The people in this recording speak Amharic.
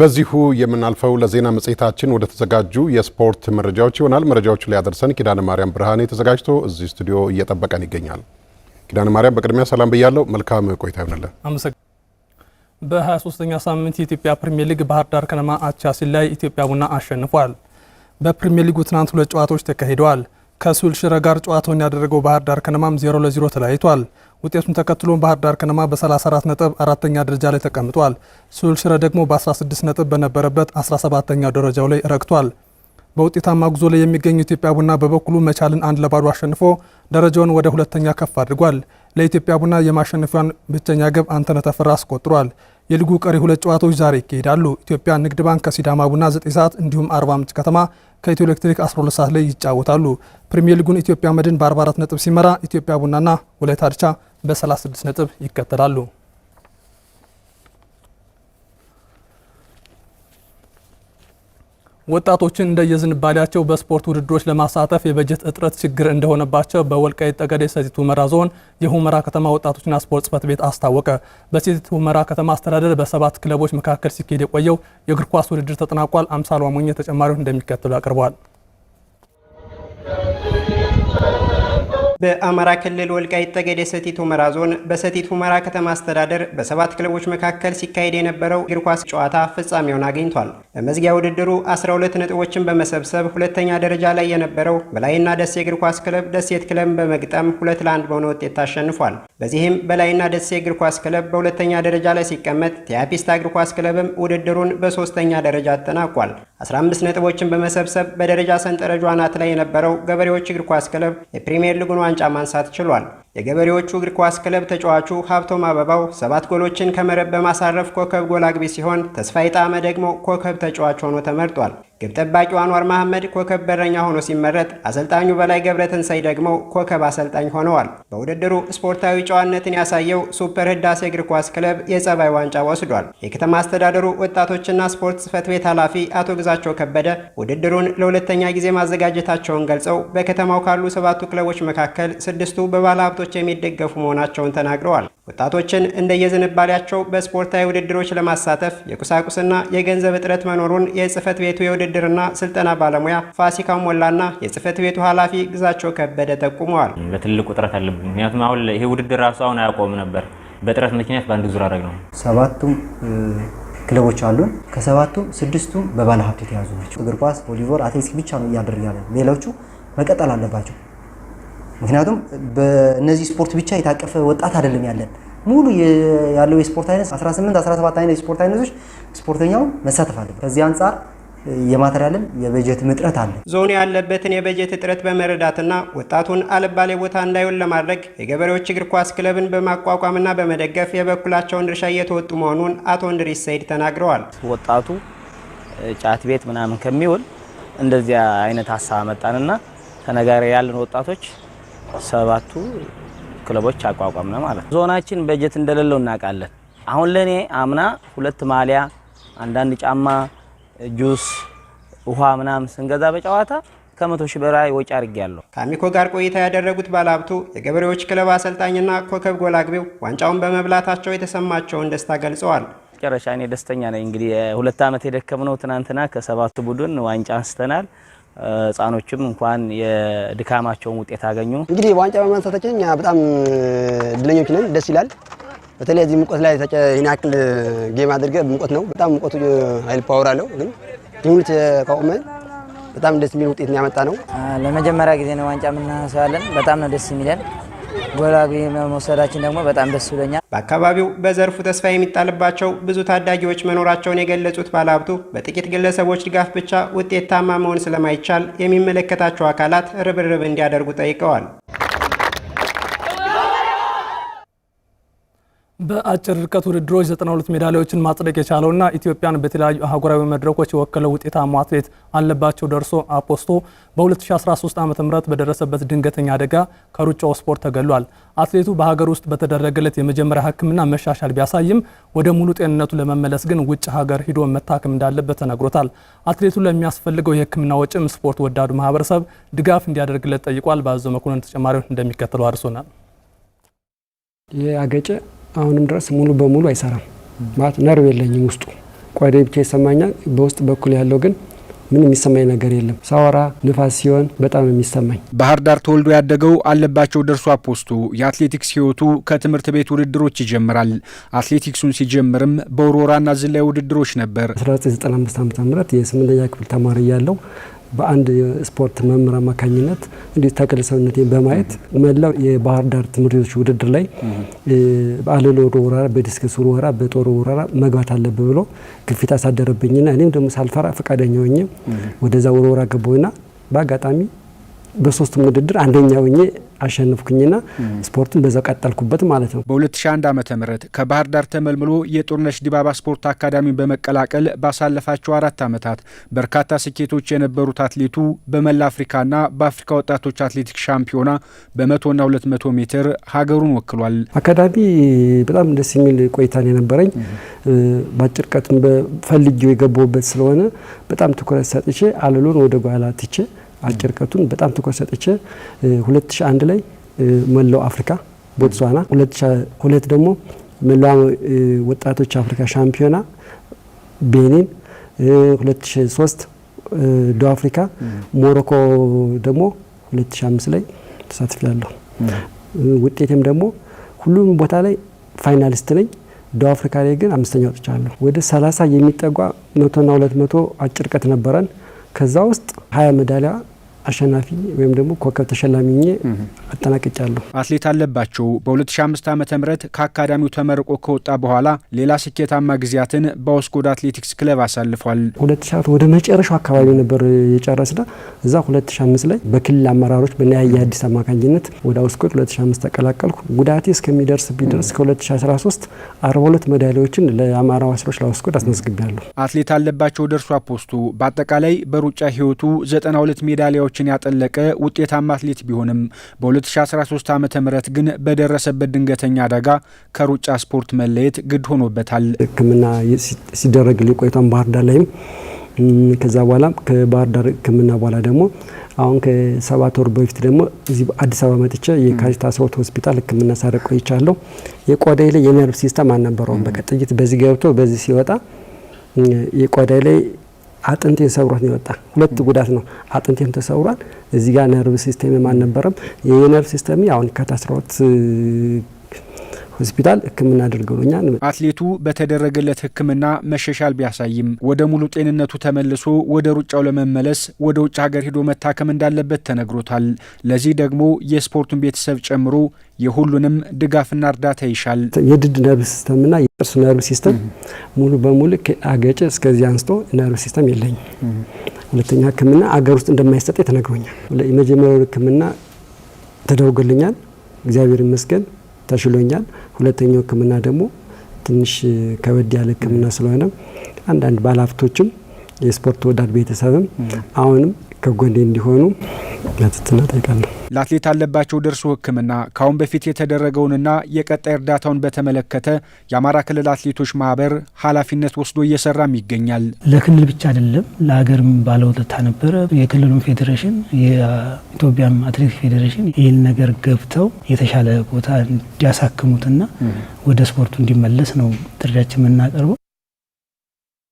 በዚሁ የምናልፈው ለዜና መጽሔታችን ወደ ተዘጋጁ የስፖርት መረጃዎች ይሆናል። መረጃዎቹ ሊያደርሰን ኪዳነ ማርያም ብርሃኔ ተዘጋጅቶ እዚህ ስቱዲዮ እየጠበቀን ይገኛል። ኪዳነ ማርያም በቅድሚያ ሰላም ብያለው፣ መልካም ቆይታ ይሆንልን። በ23ኛ ሳምንት የኢትዮጵያ ፕሪምየር ሊግ ባህር ዳር ከነማ አቻ ሲል ላይ ኢትዮጵያ ቡና አሸንፏል። በፕሪሚየር ሊጉ ትናንት ሁለት ጨዋታዎች ተካሂደዋል። ከሱል ሽረ ጋር ጨዋታውን ያደረገው ባህር ዳር ከነማም 0 ለ0 ተለያይቷል። ውጤቱን ተከትሎም ባህር ዳር ከነማ በ34 ነጥብ አራተኛ ደረጃ ላይ ተቀምጧል። ስሁል ሽረ ደግሞ በ16 ነጥብ በነበረበት 17ተኛ ደረጃው ላይ ረግቷል። በውጤታማ ጉዞ ላይ የሚገኙ ኢትዮጵያ ቡና በበኩሉ መቻልን አንድ ለባዶ አሸንፎ ደረጃውን ወደ ሁለተኛ ከፍ አድርጓል። ለኢትዮጵያ ቡና የማሸነፊያን ብቸኛ ግብ አንተነህ ተፈራ አስቆጥሯል። የሊጉ ቀሪ ሁለት ጨዋታዎች ዛሬ ይካሄዳሉ። ኢትዮጵያ ንግድ ባንክ ከሲዳማ ቡና 9 ሰዓት እንዲሁም አርባ ምንጭ ከተማ ከኢትዮ ኤሌክትሪክ 12 ሰዓት ላይ ይጫወታሉ። ፕሪምየር ሊጉን ኢትዮጵያ መድን በ44 ነጥብ ሲመራ ኢትዮጵያ ቡናና ወላይታ ድቻ በ36 ነጥብ ይከተላሉ። ወጣቶችን እንደየዝንባሌያቸው በስፖርት ውድድሮች ለማሳተፍ የበጀት እጥረት ችግር እንደሆነባቸው በወልቃይት ጠገዴ ሰቲት ሁመራ ዞን የሁመራ ከተማ ወጣቶችና ስፖርት ጽሕፈት ቤት አስታወቀ። በሰቲት ሁመራ ከተማ አስተዳደር በሰባት ክለቦች መካከል ሲካሄድ የቆየው የእግር ኳስ ውድድር ተጠናቋል። አምሳል ዋሞኘ ተጨማሪውን እንደሚከተሉ አቅርበዋል። በአማራ ክልል ወልቃይት ጠገዴ ሰቲት ሁመራ ዞን በሰቲት ሁመራ ከተማ አስተዳደር በሰባት ክለቦች መካከል ሲካሄድ የነበረው እግር ኳስ ጨዋታ ፍጻሜውን አግኝቷል። በመዝጊያ ውድድሩ 12 ነጥቦችን በመሰብሰብ ሁለተኛ ደረጃ ላይ የነበረው በላይና ደሴ እግር ኳስ ክለብ ደሴት ክለብ በመግጠም ሁለት ለአንድ በሆነ ውጤት ታሸንፏል። በዚህም በላይና ደሴ እግር ኳስ ክለብ በሁለተኛ ደረጃ ላይ ሲቀመጥ፣ ቲያፒስታ እግር ኳስ ክለብም ውድድሩን በሶስተኛ ደረጃ አጠናቋል። 15 ነጥቦችን በመሰብሰብ በደረጃ ሰንጠረጇ አናት ላይ የነበረው ገበሬዎች እግር ኳስ ክለብ የፕሪምየር ሊጉን ዋንጫ ማንሳት ችሏል። የገበሬዎቹ እግር ኳስ ክለብ ተጫዋቹ ሀብቶም አበባው ሰባት ጎሎችን ከመረብ በማሳረፍ ኮከብ ጎል አግቢ ሲሆን ተስፋዬ ጣመ ደግሞ ኮከብ ተጫዋች ሆኖ ተመርጧል። ግብ ጠባቂው አንዋር መሐመድ ኮከብ በረኛ ሆኖ ሲመረጥ፣ አሰልጣኙ በላይ ገብረትንሳይ ደግሞ ኮከብ አሰልጣኝ ሆነዋል። በውድድሩ ስፖርታዊ ጨዋነትን ያሳየው ሱፐር ህዳሴ እግር ኳስ ክለብ የጸባይ ዋንጫ ወስዷል። የከተማ አስተዳደሩ ወጣቶችና ስፖርት ጽህፈት ቤት ኃላፊ አቶ ግዛቸው ከበደ ውድድሩን ለሁለተኛ ጊዜ ማዘጋጀታቸውን ገልጸው በከተማው ካሉ ሰባቱ ክለቦች መካከል ስድስቱ በባለ ወጣቶች የሚደገፉ መሆናቸውን ተናግረዋል። ወጣቶችን እንደየዝንባሌያቸው በስፖርታዊ ውድድሮች ለማሳተፍ የቁሳቁስና የገንዘብ እጥረት መኖሩን የጽህፈት ቤቱ የውድድርና ስልጠና ባለሙያ ፋሲካ ሞላና የጽህፈት ቤቱ ኃላፊ ግዛቸው ከበደ ጠቁመዋል። በትልቁ እጥረት አለብን። ምክንያቱም አሁን ይሄ ውድድር ራሱ አሁን አያቆም ነበር። በጥረት ምክንያት በአንድ ዙር አደረግ ነው። ሰባቱም ክለቦች አሉን። ከሰባቱም ስድስቱም በባለሀብት የተያዙ ናቸው። እግር ኳስ፣ ቮሊቦል፣ አትሌቲክስ ብቻ ነው እያደረግ ያለ። ሌሎቹ መቀጠል አለባቸው። ምክንያቱም በእነዚህ ስፖርት ብቻ የታቀፈ ወጣት አይደለም ያለን። ሙሉ ያለው የስፖርት አይነት 18 17 አይነት የስፖርት አይነቶች ስፖርተኛው መሳተፍ አለበት። ከዚህ አንጻር የማተሪያልም የበጀት እጥረት አለ። ዞኑ ያለበትን የበጀት እጥረት በመረዳትና ወጣቱን አልባሌ ቦታ እንዳይሆን ለማድረግ የገበሬዎች እግር ኳስ ክለብን በማቋቋምና በመደገፍ የበኩላቸውን ድርሻ እየተወጡ መሆኑን አቶ እንድሪስ ሰይድ ተናግረዋል። ወጣቱ ጫት ቤት ምናምን ከሚውል እንደዚያ አይነት ሀሳብ መጣንና ተነጋሪ ያለን ወጣቶች ሰባቱ ክለቦች አቋቋምነ ማለት ነው። ዞናችን በጀት እንደሌለው እናውቃለን። አሁን ለእኔ አምና ሁለት ማሊያ፣ አንዳንድ ጫማ፣ ጁስ፣ ውሃ ምናምን ስንገዛ በጨዋታ ከመቶ ሺህ በላይ ወጪ ያለው ከአሚኮ ጋር ቆይታ ያደረጉት ባለሀብቱ የገበሬዎች ክለብ አሰልጣኝና ኮከብ ጎል አግቢው ዋንጫውን በመብላታቸው የተሰማቸውን ደስታ ገልጸዋል። መጨረሻ እኔ ደስተኛ ነኝ። እንግዲህ ሁለት ዓመት የደከምነው ትናንትና ከሰባቱ ቡድን ዋንጫ አንስተናል። ህጻኖችም እንኳን የድካማቸውን ውጤት አገኙ። እንግዲህ ዋንጫ በማንሳታችን እኛ በጣም እድለኞች ነን። ደስ ይላል። በተለይ እዚህ ሙቀት ላይ ይህን ያክል ጌም አድርገ ሙቀት ነው። በጣም ሙቀቱ ኃይል ፓወር አለው። ግን ሊሁንት ካቆመን በጣም ደስ የሚል ውጤት ያመጣ ነው። ለመጀመሪያ ጊዜ ነው ዋንጫ የምናነሳው በጣም ነው ደስ የሚለን። ጎላ መውሰዳችን ደግሞ በጣም ደስ ብሎኛል። በአካባቢው በዘርፉ ተስፋ የሚጣልባቸው ብዙ ታዳጊዎች መኖራቸውን የገለጹት ባለሀብቱ በጥቂት ግለሰቦች ድጋፍ ብቻ ውጤታማ መሆን ስለማይቻል የሚመለከታቸው አካላት ርብርብ እንዲያደርጉ ጠይቀዋል። በአጭር ርቀት ውድድሮች 92 ሜዳሊያዎችን ማጽደቅ የቻለውና ኢትዮጵያን በተለያዩ አህጉራዊ መድረኮች የወከለው ውጤታማ አትሌት አለባቸው ደርሶ አፖስቶ በ2013 ዓ ም በደረሰበት ድንገተኛ አደጋ ከሩጫው ስፖርት ተገሏል። አትሌቱ በሀገር ውስጥ በተደረገለት የመጀመሪያ ሕክምና መሻሻል ቢያሳይም ወደ ሙሉ ጤንነቱ ለመመለስ ግን ውጭ ሀገር ሂዶ መታከም እንዳለበት ተነግሮታል። አትሌቱ ለሚያስፈልገው የሕክምና ወጪም ስፖርት ወዳዱ ማህበረሰብ ድጋፍ እንዲያደርግለት ጠይቋል። በአዘው መኮንን ተጨማሪውን እንደሚከተለው አድርሶናል። አገጨ አሁንም ድረስ ሙሉ በሙሉ አይሰራም ማለት ነርቭ የለኝም ውስጡ ቆዳዬ ብቻ ይሰማኛል። በውስጥ በኩል ያለው ግን ምን የሚሰማኝ ነገር የለም። ሳወራ ንፋስ ሲሆን በጣም የሚሰማኝ። ባህር ዳር ተወልዶ ያደገው አለባቸው ደርሶ አፖስቶ የአትሌቲክስ ህይወቱ ከትምህርት ቤት ውድድሮች ይጀምራል። አትሌቲክሱን ሲጀምርም በውርወራና ዝላይ ውድድሮች ነበር። 1995 ዓ ም የስምንተኛ ክፍል ተማሪ ያለው በአንድ ስፖርት መምህር አማካኝነት እንዲሁ ተክለ ሰውነቴን በማየት መላው የባህር ዳር ትምህርት ቤቶች ውድድር ላይ በአለሎ ወረራ፣ በዲስከስ ወረራ፣ በጦር ወረራ መግባት አለብ ብሎ ግፊት አሳደረብኝና እኔም ደግሞ ሳልፈራ ፈቃደኛ ሆኜ ወደዛ ወረራ ገባሁና በአጋጣሚ በሶስቱም ውድድር አንደኛ ሆኜ አሸንፍኩኝና ስፖርቱን በዛው ቀጠልኩበት ማለት ነው። በ2001 ም ከባህር ዳር ተመልምሎ የጦርነሽ ዲባባ ስፖርት አካዳሚን በመቀላቀል ባሳለፋቸው አራት ዓመታት በርካታ ስኬቶች የነበሩት አትሌቱ በመላ አፍሪካና በአፍሪካ ወጣቶች አትሌቲክስ ሻምፒዮና በመቶና ሁለት መቶ ሜትር ሀገሩን ወክሏል። አካዳሚ በጣም ደስ የሚል ቆይታን የነበረኝ በአጭር ቀትም ፈልጌው የገባሁበት ስለሆነ በጣም ትኩረት ሰጥቼ አለሎን ወደ ጓላ ትቼ አጭር ርቀቱን በጣም ትኩረት ሰጥቼ 2001 ላይ መላው አፍሪካ ቦትስዋና፣ 2002 ደግሞ መላው ወጣቶች አፍሪካ ሻምፒዮና ቤኒን፣ 2003 ደቡብ አፍሪካ፣ ሞሮኮ ደግሞ 2005 ላይ ተሳትፊያለሁ። ውጤቴም ደግሞ ሁሉም ቦታ ላይ ፋይናሊስት ነኝ። ደቡብ አፍሪካ ላይ ግን አምስተኛ ወጥቻለሁ። ወደ 30 የሚጠጋ መቶና ሁለት መቶ አጭር ርቀት ነበረን። ከዛ ውስጥ 20 ሜዳሊያ አሸናፊ ወይም ደግሞ ኮከብ ተሸላሚ አጠናቅጫለሁ። አትሌት አለባቸው በ2005 ዓ ም ከአካዳሚው ተመርቆ ከወጣ በኋላ ሌላ ስኬታማ ጊዜያትን በኦስኮድ አትሌቲክስ ክለብ አሳልፏል። 2004 ወደ መጨረሻው አካባቢ ነበር የጨረስነ እዛ 2005 ላይ በክልል አመራሮች በናያየ አዲስ አማካኝነት ወደ ኦስኮድ 2005 ተቀላቀልኩ። ጉዳቴ እስከሚደርስ ቢደርስ ከ2013 42 ሜዳሊያዎችን ለአማራ ዋስሮች ለኦስኮድ አስመዝግቤያለሁ። አትሌት አለባቸው ደርሶ አፖስቱ በአጠቃላይ በሩጫ ህይወቱ 92 ሜዳሊያዎች ጨዋታዎችን ያጠለቀ ውጤታማ አትሌት ቢሆንም በ2013 ዓ ም ግን በደረሰበት ድንገተኛ አደጋ ከሩጫ ስፖርት መለየት ግድ ሆኖበታል። ሕክምና ሲደረግ ሊቆይቷን ባህር ዳር ላይም ከዛ በኋላ ከባህር ዳር ሕክምና በኋላ ደግሞ አሁን ከሰባት ወር በፊት ደግሞ እዚህ አዲስ አበባ መጥቼ የካሪታስ ሮት ሆስፒታል ሕክምና ሳደርግ ቆይቻለሁ። የቆዳዬ ላይ የነርቭ ሲስተም አልነበረውም። በቃ ጥይት በዚህ ገብቶ በዚህ ሲወጣ የቆዳዬ ላይ አጥንቴን ሰብሮት ነው የወጣ። ሁለት ጉዳት ነው። አጥንቴም ተሰውሯል። እዚህ ጋር ነርቭ ሲስተም አልነበረም። የነርቭ ሲስተም አሁን ከታስሮት ሆስፒታል ህክምና አድርገው አትሌቱ በተደረገለት ህክምና መሻሻል ቢያሳይም ወደ ሙሉ ጤንነቱ ተመልሶ ወደ ሩጫው ለመመለስ ወደ ውጭ ሀገር ሂዶ መታከም እንዳለበት ተነግሮታል። ለዚህ ደግሞ የስፖርቱን ቤተሰብ ጨምሮ የሁሉንም ድጋፍና እርዳታ ይሻል። የድድ ነርቭ ሲስተምና የጥርስ ነርቭ ሲስተም ሙሉ በሙሉ አገጭ እስከዚህ አንስቶ ነርቭ ሲስተም የለኝም። ሁለተኛ ህክምና አገር ውስጥ እንደማይሰጠ ተነግሮኛል። የመጀመሪያውን ህክምና ተደውገልኛል። እግዚአብሔር ይመስገን ተሽሎኛል። ሁለተኛው ህክምና ደግሞ ትንሽ ከበድ ያለ ህክምና ስለሆነ አንዳንድ ባለሀብቶችም የስፖርት ወዳድ ቤተሰብም አሁንም ከጎንዴ እንዲሆኑ ያትትና ጠይቃለሁ። ለአትሌት አለባቸው ደርሶ ሕክምና ከአሁን በፊት የተደረገውንና የቀጣይ እርዳታውን በተመለከተ የአማራ ክልል አትሌቶች ማህበር ኃላፊነት ወስዶ እየሰራም ይገኛል። ለክልል ብቻ አይደለም ለሀገርም ባለውለታ ነበረ። የክልሉም ፌዴሬሽን የኢትዮጵያም አትሌቲክስ ፌዴሬሽን ይህን ነገር ገብተው የተሻለ ቦታ እንዲያሳክሙትና ወደ ስፖርቱ እንዲመለስ ነው ጥሪያችን የምናቀርበው።